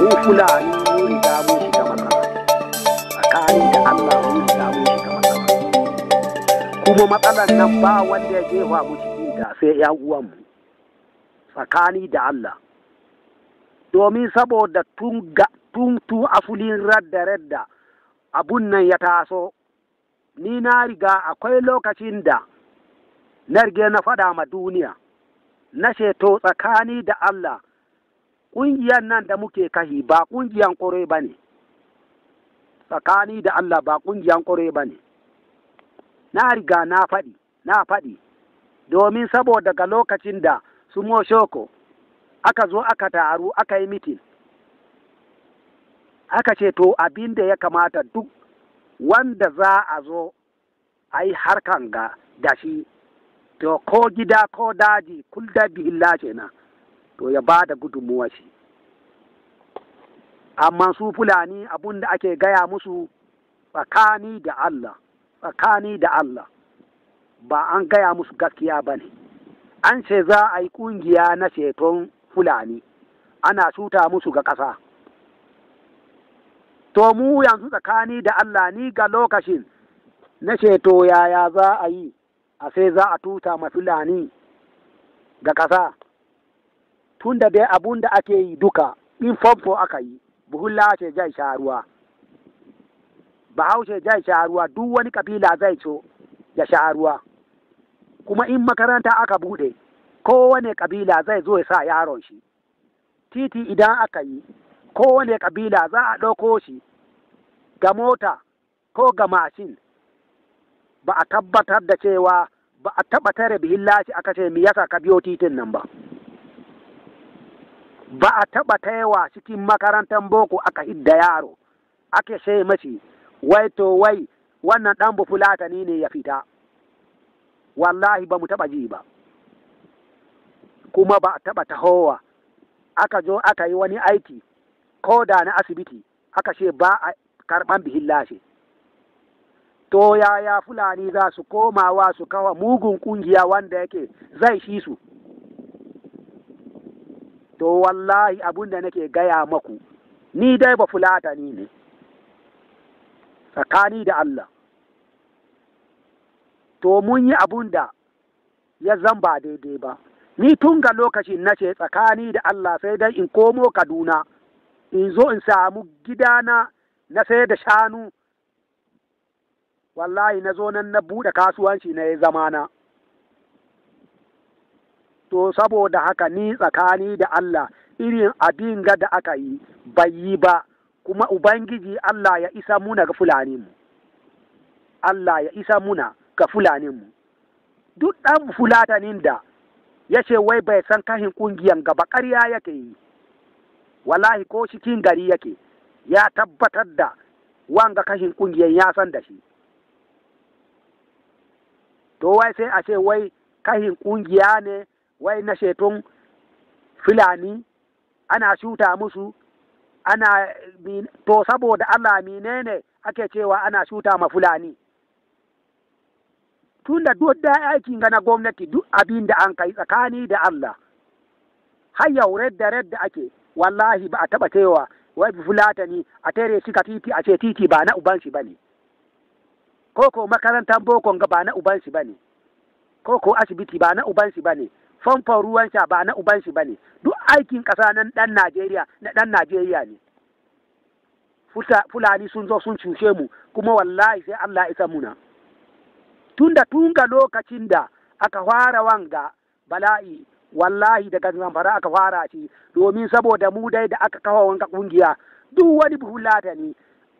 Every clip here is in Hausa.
mu fulani mun riga mun shiga matsala da Allah mun riga mun shiga matsala kuma matsalar nan ba wanda ya jefa mu cikin ta sai ya uwan mu tsakani da Allah domin saboda tun ga tun tu afulin radda radda abun nan ya taso ni na riga akwai lokacin da na rige na faɗa ma duniya na sheto tsakani da Allah ƙungiyar nan da muke kahi ba ƙungiyar kore ba ne tsakani da Allah ba ƙungiyar kore ba ne na riga na faɗi na faɗi domin saboda daga lokacin da su moshoko aka zo aka taru aka yi mitin aka ce to abin da ya kamata duk wanda za a zo a yi harkan ga da shi to ko gida ko daji kul da bihilla kenan to ya ba da gudunmuwa shi amma su fulani abun da ake gaya musu tsakani da Allah tsakani da Allah ba an gaya musu gaskiya ba ne an ce za a yi ƙungiya na ceton fulani ana cuta musu ga ƙasa to mu yanzu tsakani da Allah ni ga lokacin na ceto yaya za a yi a sai za a tuta ma fulani ga ƙasa tunda dai abun da ake yi duka in famfo aka yi buhulla ce jai sharuwa bahaushe jai sharuwa duk wani kabila zai so ya sharuwa kuma in makaranta aka bude kowane kabila zai zo ya sa yaron shi titi idan aka yi kowane kabila za a ɗauko shi ga mota ko ga mashin ba a tabbatar da cewa ba a taɓa tare bihillaci aka ce mi yasa ka biyo titin nan ba ba a taɓa yawa cikin makarantar boko aka hidda yaro ake sai mace wai to wai wannan ɗan bufulatani ne ya fita wallahi ba mu taɓa ji ba kuma ba a taɓa tahowa aka zo aka yi wani aiki ko da na asibiti aka ce ba a karɓan bihin lashe to yaya fulani za su wa su kawa mugun ƙungiya wanda yake zai shi su to wallahi abun da nake gaya maku ni dai ba fulata ni ne tsakani da Allah to mun yi abun da ya zan ba daidai ba ni tun ga lokacin na ce tsakani da Allah sai dai in komo Kaduna in zo in samu gidana na sai da shanu wallahi na zo nan na buɗe kasuwanci na ya zamana. na to saboda haka ni tsakani da Allah irin abin ga da aka yi bai yi ba kuma ubangiji Allah ya isa muna ga fulani mu Allah ya isa muna ga fulani mu duk ɗan fulatanin da ya ce wai bai san kahin kungiyan gaba ƙarya yake yi wallahi ko cikin gari yake ya tabbatar da wanga kashin kungiyan ya san da shi to wai sai a ce wai kahin ƙungiya ne wai na sheton filani ana shuta musu ana to saboda Allah menene ake cewa ana shuta ma fulani tunda duk da aikin ga na gwamnati duk abin da an kai tsakani da Allah har yau redda da ake wallahi ba a taba cewa wai fulata ni a tare shi ka titi a ce titi ba na uban shi bane ko ko makarantar bokon ga ba na uban shi bane ko ko asibiti ba na uban shi bane famfon ruwan sha ba na uban shi bane duk aikin ƙasa na ɗan Najeriya na ɗan Najeriya ne Fulani sun zo sun cushe mu kuma wallahi sai Allah isa muna tunda tunga lokacin da aka fara wanga bala'i wallahi daga zamfara aka fara shi domin saboda mu dai da aka kawo wanka ƙungiya. duk wani buhulatani ne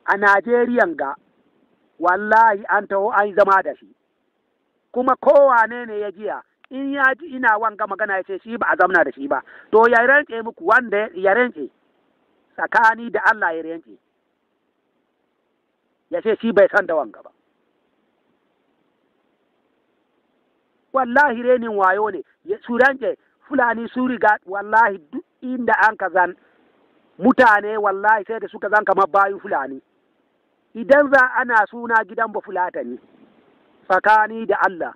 a Najeriya ga wallahi an taho an zama da shi kuma kowane ne ya jiya in ya ji ina wanga magana ya ce shi ba a zamana da shi ba to ya rantse muku wanda ya rantse tsakani da Allah ya rantse ya ce shi bai san da wanga ba wallahi renin wayo ne su rantse fulani su riga wallahi duk inda an ka zan mutane wallahi sai da suka zan kamar bayu fulani idan za ana suna gidan ba fulatani tsakani da Allah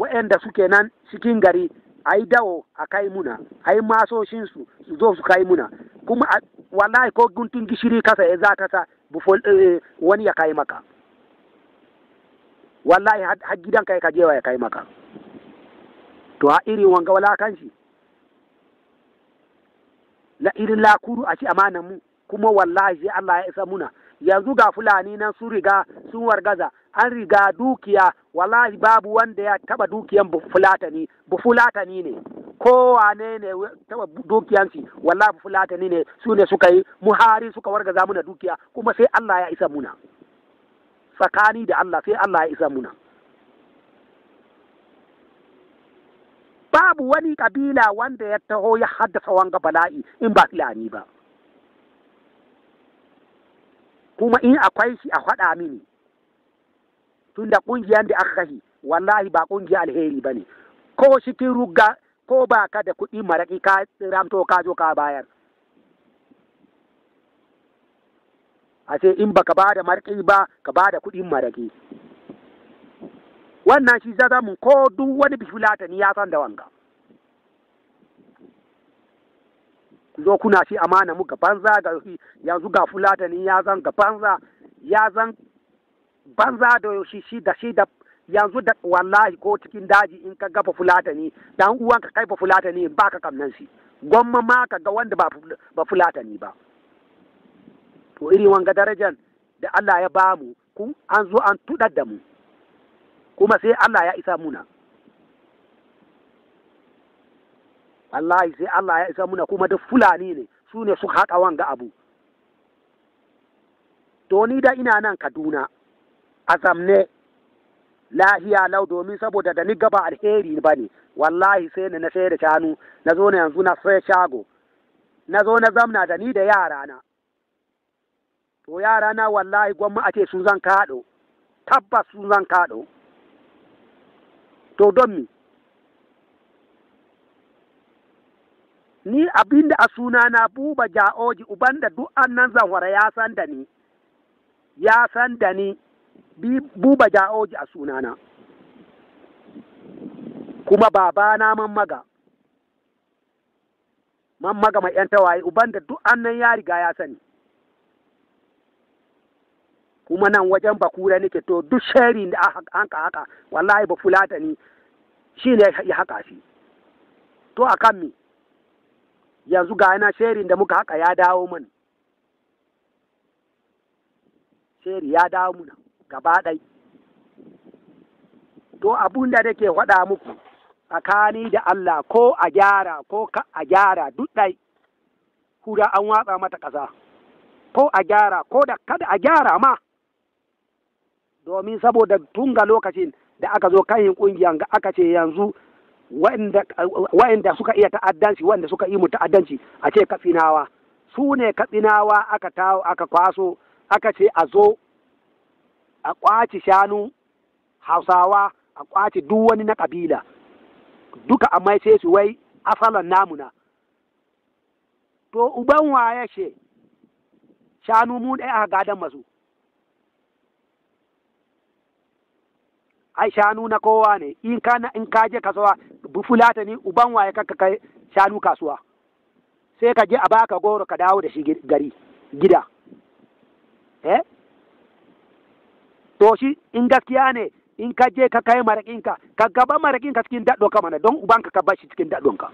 waɗanda suke nan cikin gari a yi dawo a kai muna a yi masoshinsu su zo su kai muna kuma wallahi ko guntun gishiri kasa ya za eh, wani ya kai maka wallahi har gidan kai kajewa ya kai maka to a irin wanga wala kan shi la irin lakuru a ci amanan mu kuma wallahi Allah ya isa muna yanzu ga fulani nan sun riga sun wargaza an riga dukiya wallahi babu wanda ya taba dukiyan bufulatani bufulatani ne kowa ne ne taba dukiyansu wallahi bufulatani ne su ne suka yi muhari suka wargaza muna dukiya kuma sai Allah ya isa muna tsakani da Allah sai Allah ya isa muna babu wani kabila wanda ya taho ya haddasa wanga bala'i in ba Fulani ba kuma in akwai shi a faɗa mini da kungiyan da aka kashi wallahi ba kungiya alheri bane ko cikin ruga ko ba ka da kuɗi maraƙi ka ramto ka zo ka bayar a ce in ba ka ba da maraƙi ba ka ba da kuɗin maraƙi wannan shi zaza mun ko duk wani bifilatani ya san da wanga zo kuna shi amana mu gabanza ga yanzu ga fulatani ya zan gabanza ya zan banza da yaushe shi da shi da yanzu da wallahi ko cikin daji in ka ga fulatani dan uwan ka kai fulatani ba ka kamnan shi gwamma ma ka ga wanda ba fulatani ba to iri wanga darajan da Allah ya ba mu kun an zo an tudar da mu kuma sai Allah ya isa muna wallahi sai Allah ya isa muna kuma duk fulani ne su ne suka haƙa wanga abu to ni da ina nan Kaduna a zamne lahiya lau domin saboda da ni gaba alheri ba ne wallahi sai ni na sai da shanu na zo na yanzu na sai shago na zo na zamna da ni da yarana to yarana wallahi gwamma a ce sun zan kaɗo tabbas sun zan kaɗo to don mi ni abinda a suna na buba ja'oji uban da duk annan zanwara ya san da ni ya san da ni buba ja'oji a sunana kuma babana mammaga mammaga mai 'yan tawaye uban da duk annan ya riga ya sani kuma nan wajen bakura nake to duk sharri da an haka wallahi ba fulata ni shi ne ya haka shi to a kan mi yanzu ga yana sharri da muka haka ya dawo mana shari ya dawo muna gaba ɗai to abun da nake faɗa muku tsakani da Allah ko a gyara ko ka a gyara duk ɗai hura an watsa mata ƙasa ko a gyara ko da kada a gyara ma domin saboda tun ga lokacin da aka zo kayan ƙungiyar ga aka ce yanzu wa'inda suka iya ta'addanci wa'inda suka yi mu ta'addanci a ce katsinawa su ne katsinawa aka aka kwaso aka ce a zo a ƙwace shanu hausawa a ƙwace duk wani na ƙabila duka a sai su wai asalan namuna to uban waye she shanu mu ɗaya a gadon masu ai shanu na kowa ne in ka in ka je kasuwa bufulata ni uban waye ka kai shanu kasuwa sai ka je a baka goro ka dawo da shi gari gida eh to shi in gaskiya ne in ka je ka kai maraƙinka ka gaba maraƙinka cikin daɗonka mana don uban ka bashi cikin daɗonka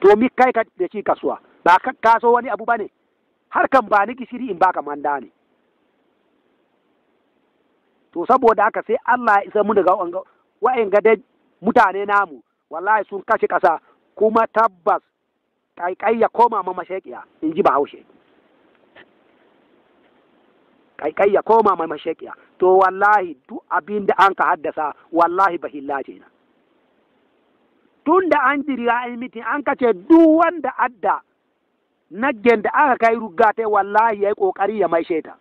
to mi kai ka da shi kasuwa ba ka kaso wani abu bane kan ba ni gishiri in baka manda ne to saboda haka sai Allah ya isa mu daga wa'in ga mutane namu wallahi sun kashe kasa kuma tabbas kai ya koma ma mashaƙiya in ji bahaushe kaikaiya ya koma mai mashaƙiya to wallahi duk abin da an ka haddasa wallahi bahilla ce na tun da an jiri an yi miti an ka ce duk wanda adda naggen da aka kai ta wallahi ya yi ƙoƙari ya mai sheta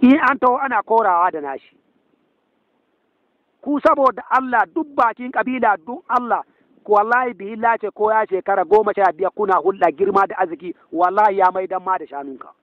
in an taho ana korawa da nashi ku saboda Allah duk bakin kabila duk Allah wallahi bihi lace ko ya shekara goma sha biyar kuna hulɗa girma da arziki wallahi ya mai dan ma da shanunka